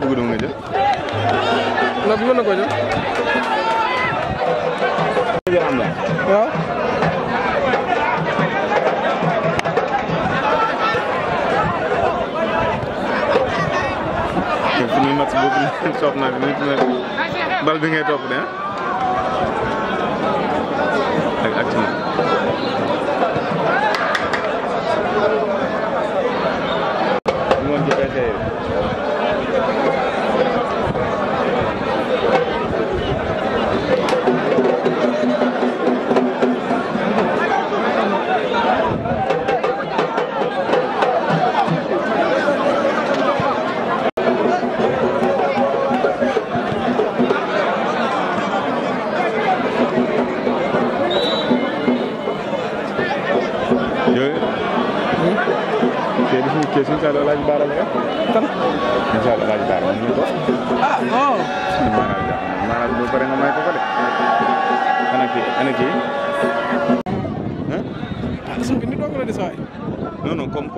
bëgg doon nga bi mën na ko jël. waaw. fi muy mat boobu soof naa fi bal bi ngay topp de ah. ak ak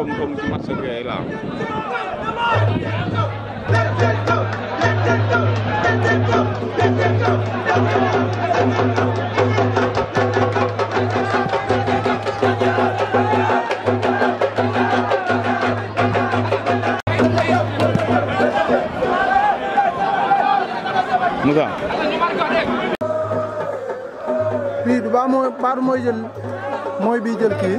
comme comme ci match bi yooyu laa Moussa. bii du baax mooy baax mooy mooy bii jël kii.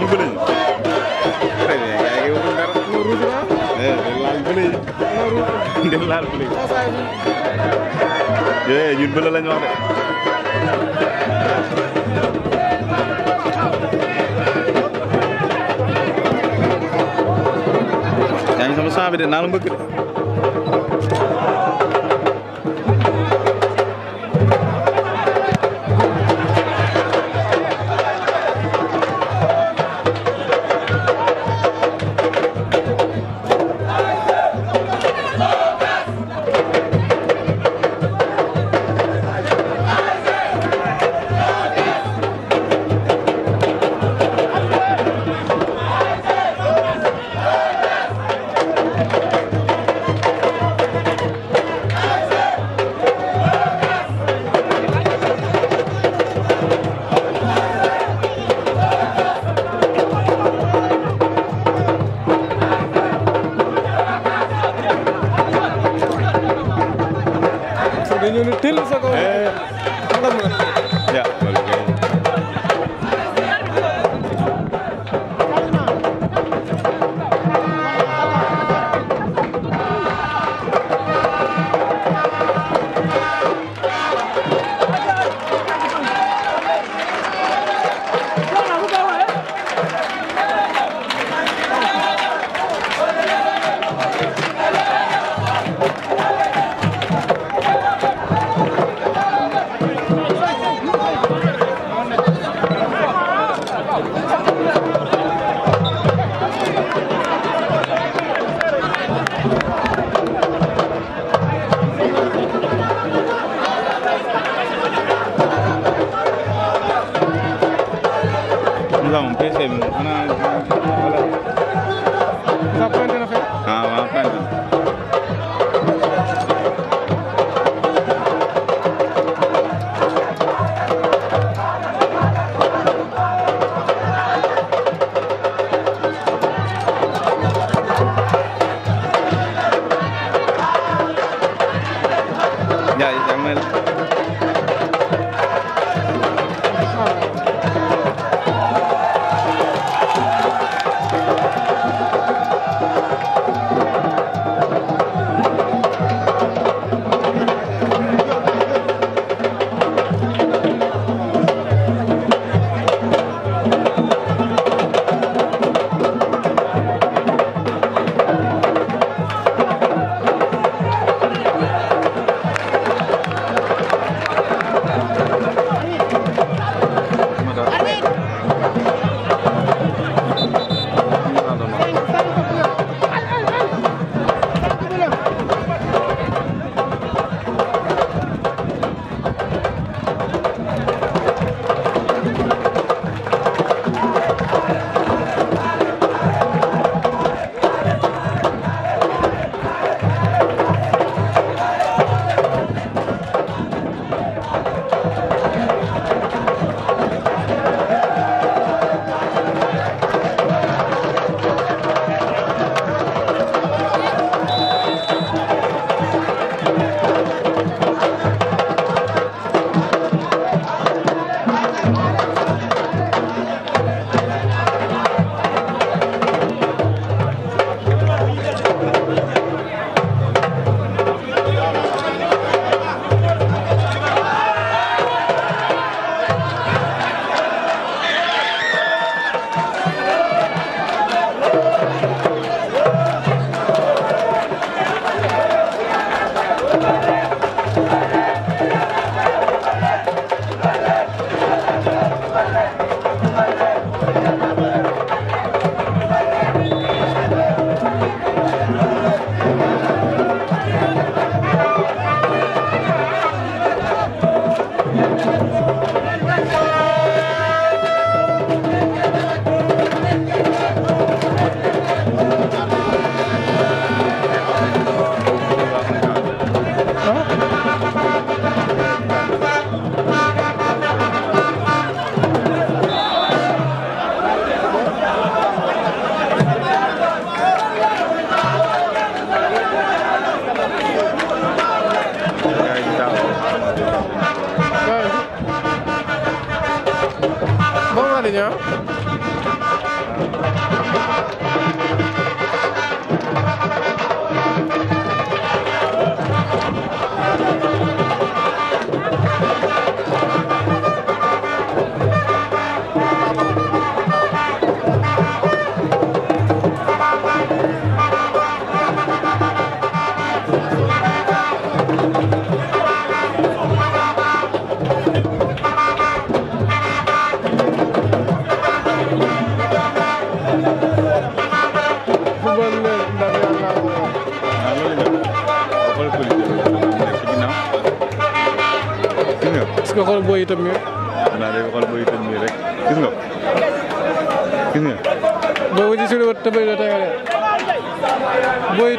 ñu bële ñu. très bien yaa ngi waxoon dara. non ruuj naa. Eh, del laal bële eh, lañ sama sang bi de naa la mbëkk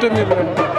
soutenir leen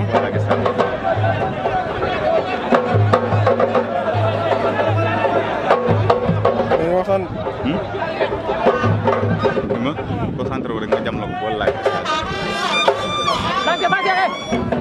concentré hmm? wu rek nga jam la ko bool laaj. Eh.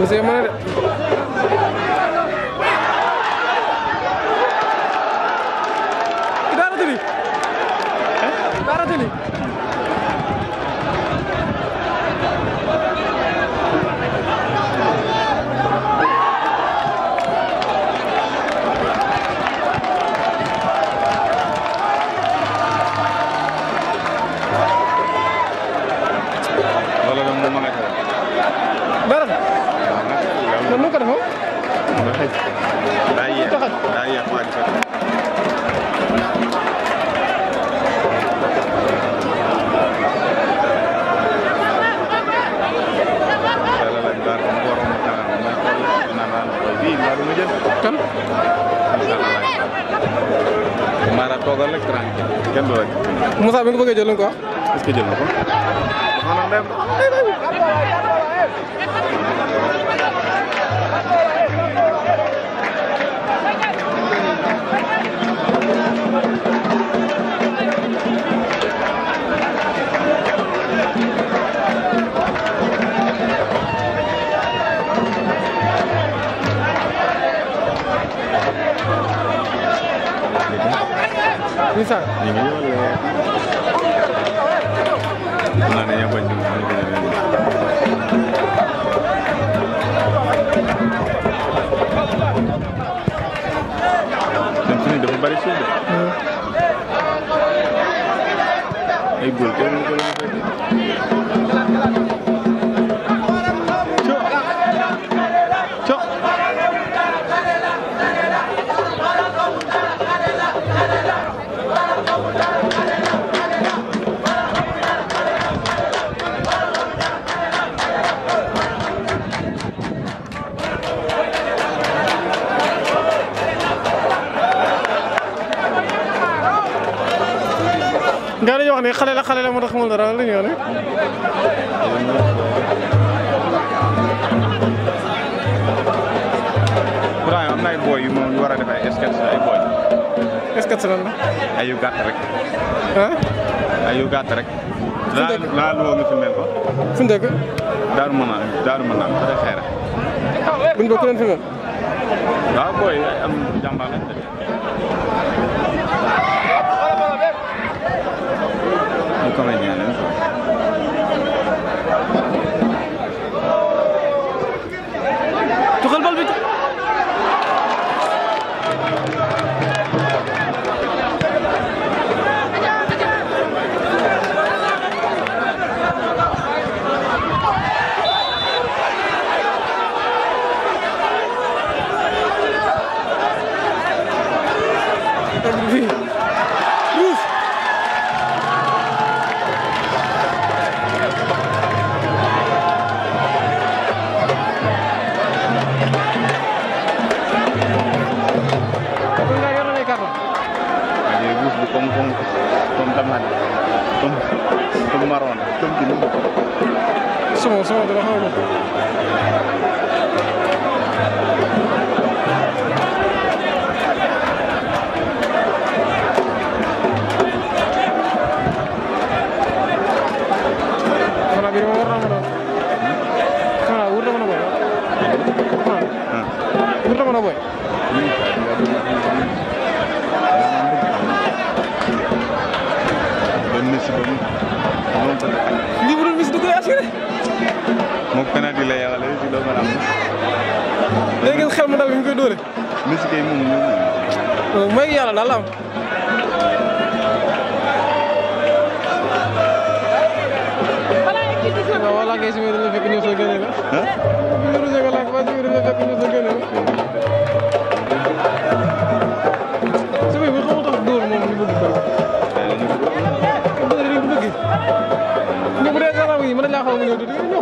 monsieur mën na de daa ratali daa ratali Better. loolu nu ko defoo. nga xëj daa yéex daa yéex waa ji sax. kan. Mara toogal rek tranquille kenn du rek. Moussa bi nga bëggee jël lu ko wax. Ah? est-ce que jël na ko. maanaam dem. Issa ñu ngi ñëwal leen naa ne yaa bañ seen suñu dafa bari suuf de ay góor kenn ko ne xale la xale la moo tax xamul dara la ñu wax Ibrahima am na ay yu moom ñu war a def ay sketch ay booy. sketch lan la. ay yu gàtt rek. ah. ay yu gàtt rek. fu mu dëkk daal woo nga filmé mu dëkk. Daaru mën comédien la comme comme comme tamate comme comme marron comme kii nu mu. lii bu mis bis du koy assuré. moom penalty la yàlla léegi ci doo mën a am. léegi xel mu ndaw mi ñu koy dóore. Messi kay moom moom. mooy yàlla daal la am. waaw walaakay su ma yore la fekk ñëw sa gën a la. ah. su ma yore la fekk ñëw sa gën a la.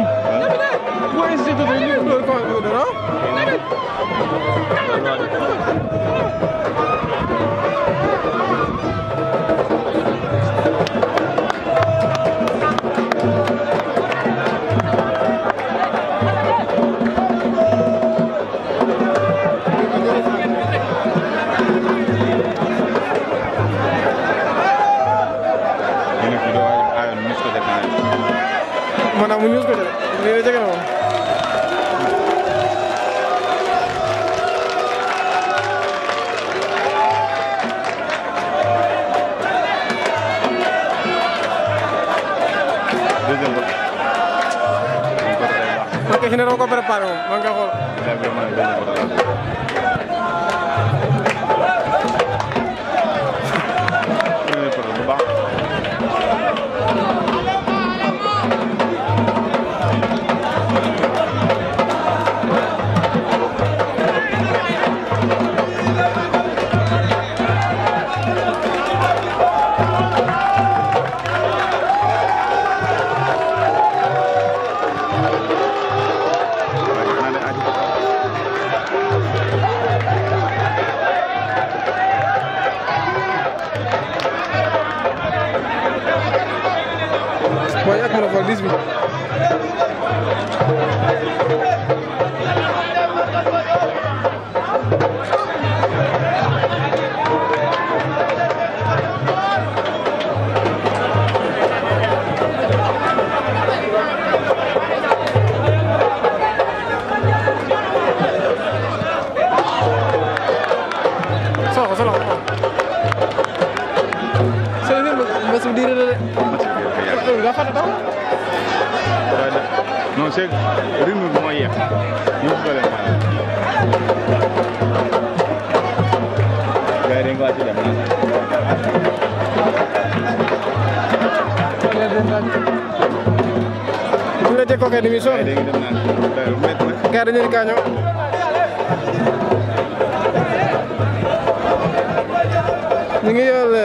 Belum? Gue isi itu dulu, gue kau itu dulu. Nabi, mu ñuus ko de lii jege na moom Porque si no, no compré paro. Manga, dañuy sonn gars dañu leen gaañoo ñu ngi yore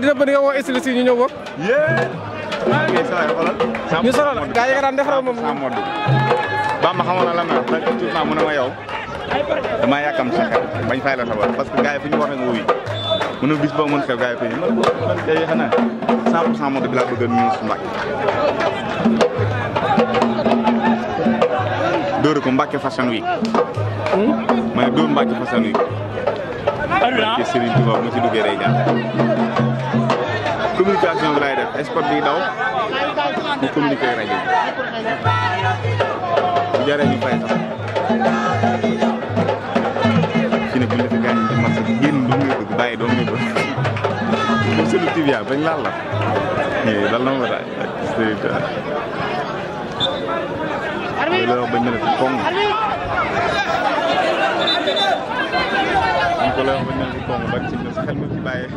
dina bëri nga woo estilis yi ñu ñëw bokk. ñu solo la gaa yi nga moom. ba ma la ma wax tout ma mu ne ma yow sa xel bañ fay la sa bopp parce que gaa yi fu ñu waxee nga wuy mu bis boo mën xew gaa fu ñu mën tey xanaa 100 pour cent Modou bi laa bëggoon ministre Mbacke dóor ko Mbacke Fashion Week hmm? ma ne dóor Mbacke communication bi laay def sport bi daw mu communiqué rajo bi jaree ñu fay sax ci ne buñ la fi gaañ ci marché bi génn doo ngay bëgg bàyyi doo ngay bëgg moom selu tibia bañ laal la dal na ma daal sëriñ bañ na la fi kong ñu ko lay wax ba ñu naan Congo ban ci ñoom xel mi ci bàyyee.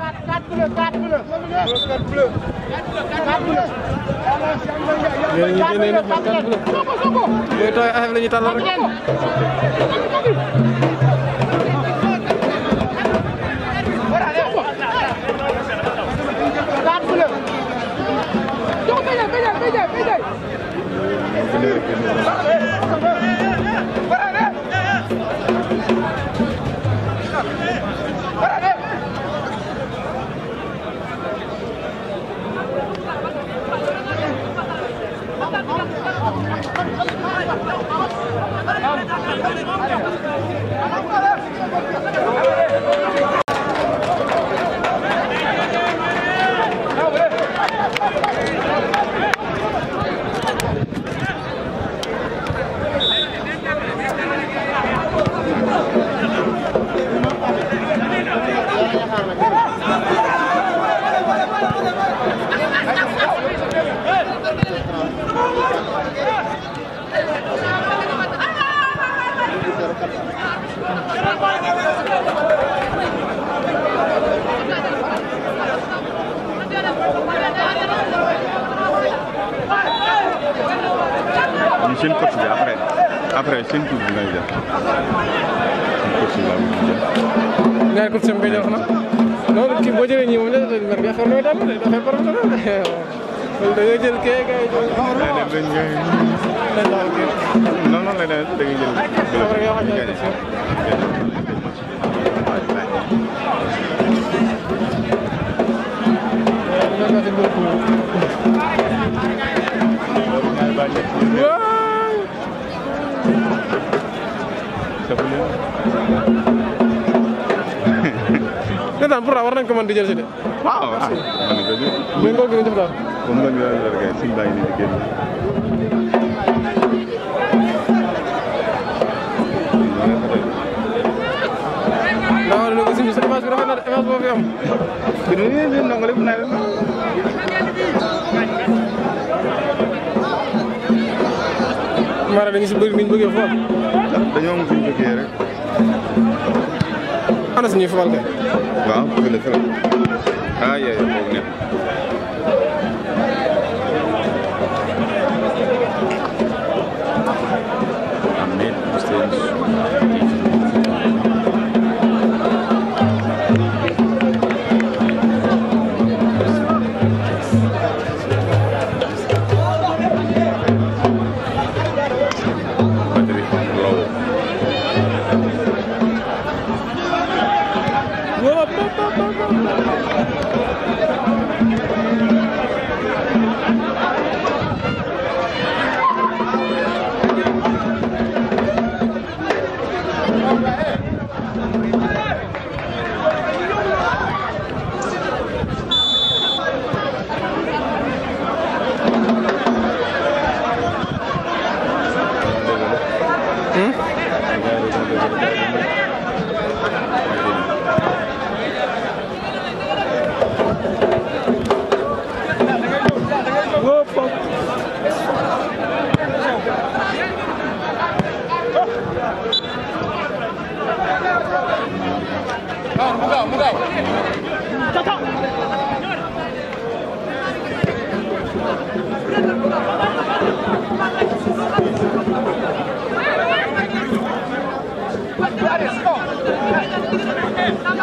4 bleu 4 bleu. 4 bleu. 4 bleu. léegi ñu génnee nag 4 bleu. yooyu tooy affaire la ñuy tàllal rek. Thank you. Thank you. ah man de gëj a. mais ngooñ la jox daal. comme ngooñ la jox kay suñ bàyyi nii di génn. waaw loolu aussi monsieur Image bi rafet na image boo fi am. bi nu ñuy ñëw ndongo lépp naa leen. maanaam dañu si bëri ni ñu bëggee foofu. dañoo am fu ñu bëggee rek. ana suñuy fubal kay. waaw bëgg na trop. ah yooyu boobu neex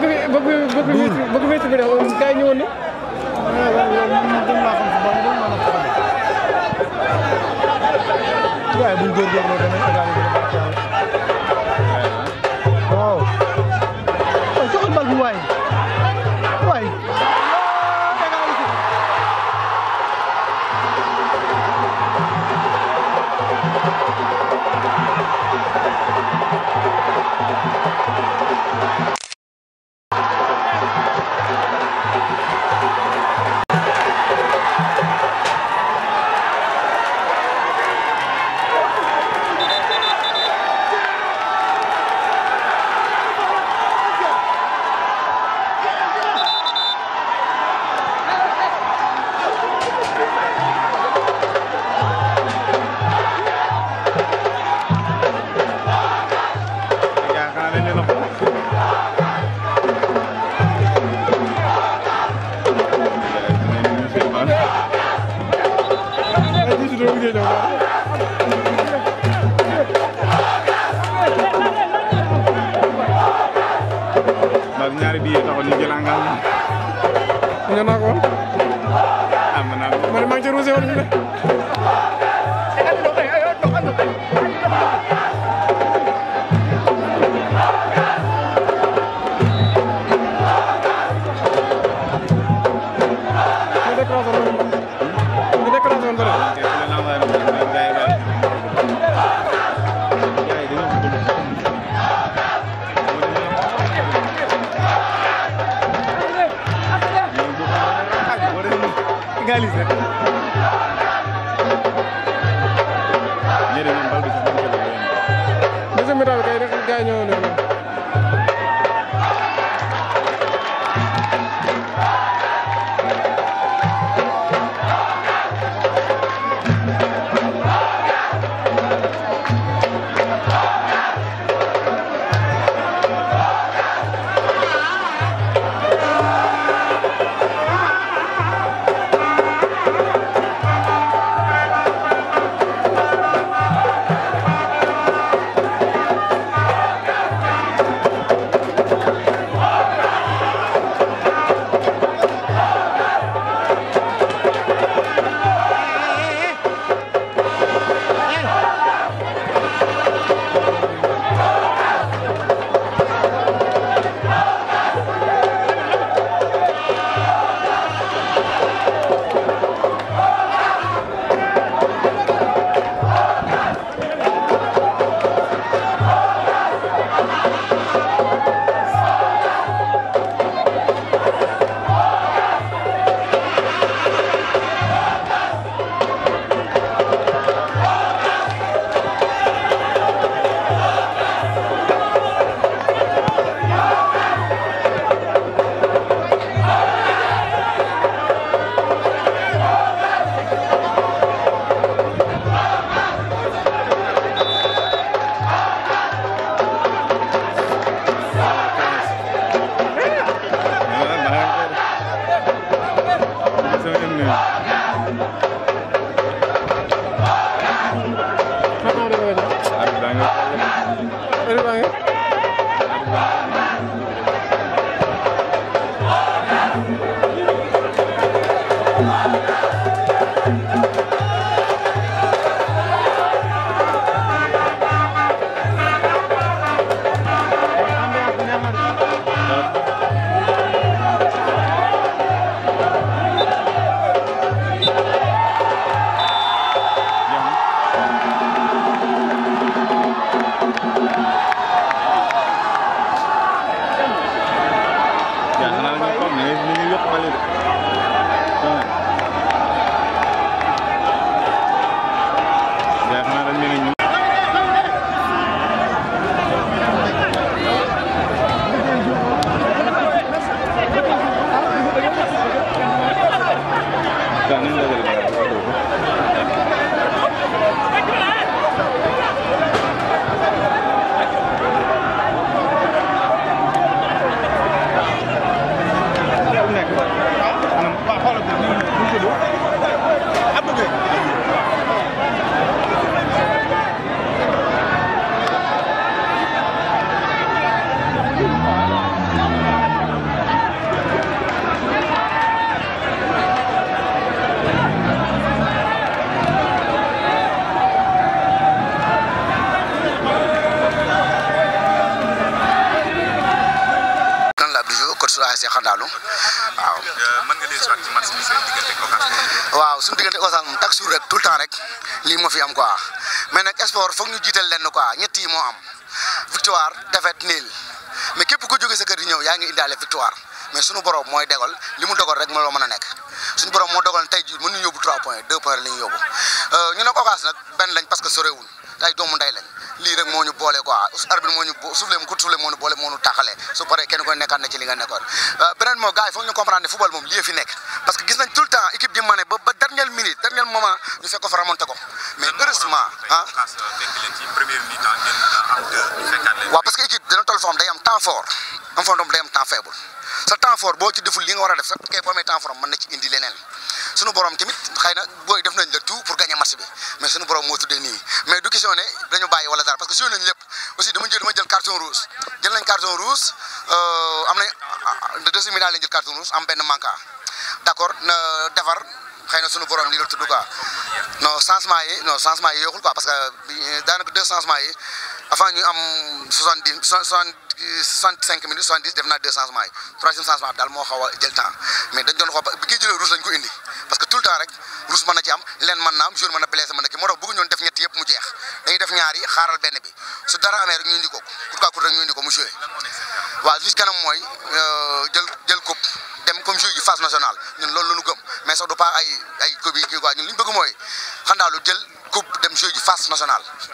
bëgg bëgg bëgg wétu bi def gars yi ñëwoon ni. waaye buñ góorgóorloo tamit réalisé. commencé xandaalu waaw. mën nga leen ci match bi seen diggante Ocass. waaw suñu rek tout le temps rek lii moo fi am quoi mais nag sport foog ñu jiital leen quoi ñett yi moo am victoire défaite nil mais képp ku jóge sa kër ñëw yaa ngi indaale victoire mais suñu borom mooy dégal li mu dogal rek moo loo mën a nekk suñu borom moo dogal tey jii mënuñu yóbbu 3 points 2 points la euh, ñu yóbbu ñu nag Ocass nag benn lañ parce que sorewul ay doomu ndey lañ. lii rek moo ñu boole ko soufflé moo ñu boole moo ñu taxalee su paree kenn ko nekkaat na ci li nga nekkoon euh, beneen moo gars yi foog ñu comprendre ne football moom lii fi nekk parce que gis nañ tout temps équipe di mané ba ba minute dernier moment ñu fekk fa remonté ko mais heureusement ah waaw parce que équipe dina toll foo xam day am temps fort am foo xam day temps faible sa temps fort boo ci deful li nga war a def sa kay boo temps fort mën na ci indi leneen sunu borom tamit xëy na booy def nañ la tout pour gagner match bi mais suñu borom moo tuddee nii mais du question ne dañu bàyyi wala dara parce que joué nañ lépp aussi dama jël dama rouge jël nañ carton rouge euh, am nañ de deuxième minute lañ am benn manquant d'accord na defar xëy na suñu borom lii la tudd quoi non changement yi non changement yi yokkul quoi parce que daanaka deux changements yi. avant ñu am soixante dix soixante cinq minutes soixante dix def naa deux changements yi troisième changement bi daal moo xaw a jël temps mais dañ doon xool bi temps rek na ci moo tax bëgg ñoon def ñett yëpp mu jeex dañuy def ñaar xaaral benn bi su dara amee rek ñu indi ko mu joué waaw juste kanam mooy euh, jël coupe dem comme joué ji phase nationale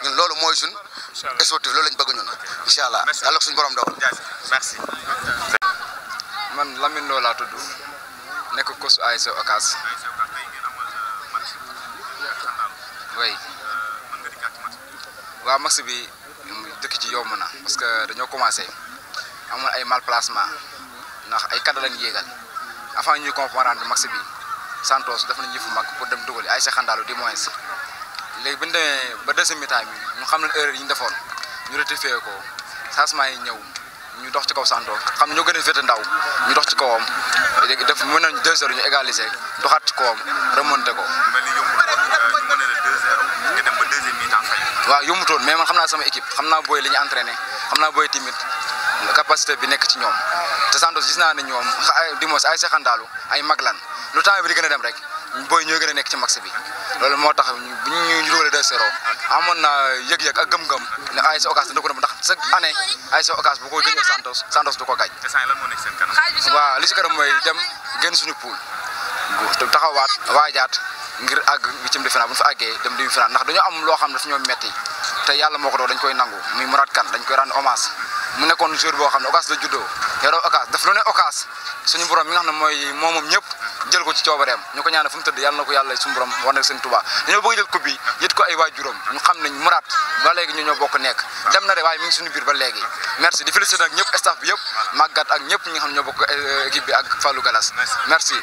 ñun loolu mooy suñ sportif loolu lañ bëgg ñun incha allah yàlla ko suñu borom dawal. merci. man Lamine Lo laa tudd nekk coach ASC Ocass. oui. waaw match bi dëkk ci yomb na parce que dañoo commencé amoon ay mal placement ndax ay kadda lañ yéegal avant ñuy comprendre match bi Santos def nañu yëfu mag pour dem dugal ay sa xandaalu di moins. léegi bu ñu demee ba deuxième mi bi ñu xam na erreur yi ñu defoon ñu rectifié ko changement yi ñëw ñu dox ci kaw Santos xam ñoo gën a féete ndaw ñu dox ci kawam léegi def mën nañ deux heures ñu égalisé doxaat ci kawam remonté ko. waaw yombutoon mais man xam naa sama équipe xam naa booy li ñu entraîné xam naa booy timit capacité bi nekk ci ñoom te Santos gis naa ne ñoom dimos ay seexandaalu ay maglan lu temps bi di gën a dem rek booy ñooy gën a nekk ci max bi. loolu moo tax bi ñu ñu dugalee 2-0 amoon na yëg-yëg ak gëm-gëm ne ASC Ocas dina ko dem ndax chaque année ASC ko gënee Santos Santos du ko gañ. li mooy dem génn suñu poule taxawaat waajaat ngir àgg huitième de finale bu ñu fa àggee dem demi finale ndax am loo xam ne dafa ñoo metti te yàlla moo ko doon dañ koy nangu muy Mourad Kane dañ koy rendre hommage mu nekkoon joueur boo xam ne Ocas la juddoo yoroo Ocas daf lu ne suñu borom mi nga ne mooy moom moom ñëpp jël ko ci coobareem ñu ko ñaanal fu mu tëdd yàlla na ko yàlla suñu borom war na seen Tuubaa dañoo bëgg jël coupe bi yët ko ay waajuram ñu xam ne muraat ba léegi ñu ñoo bokk nekk dem na de waaye mi ngi suñu biir ba léegi merci di féliciter nag ñëpp staff bi yëpp màggat ak ñëpp ñi xam ñoo bokk eh, équipe bi ak Fallou Galas merci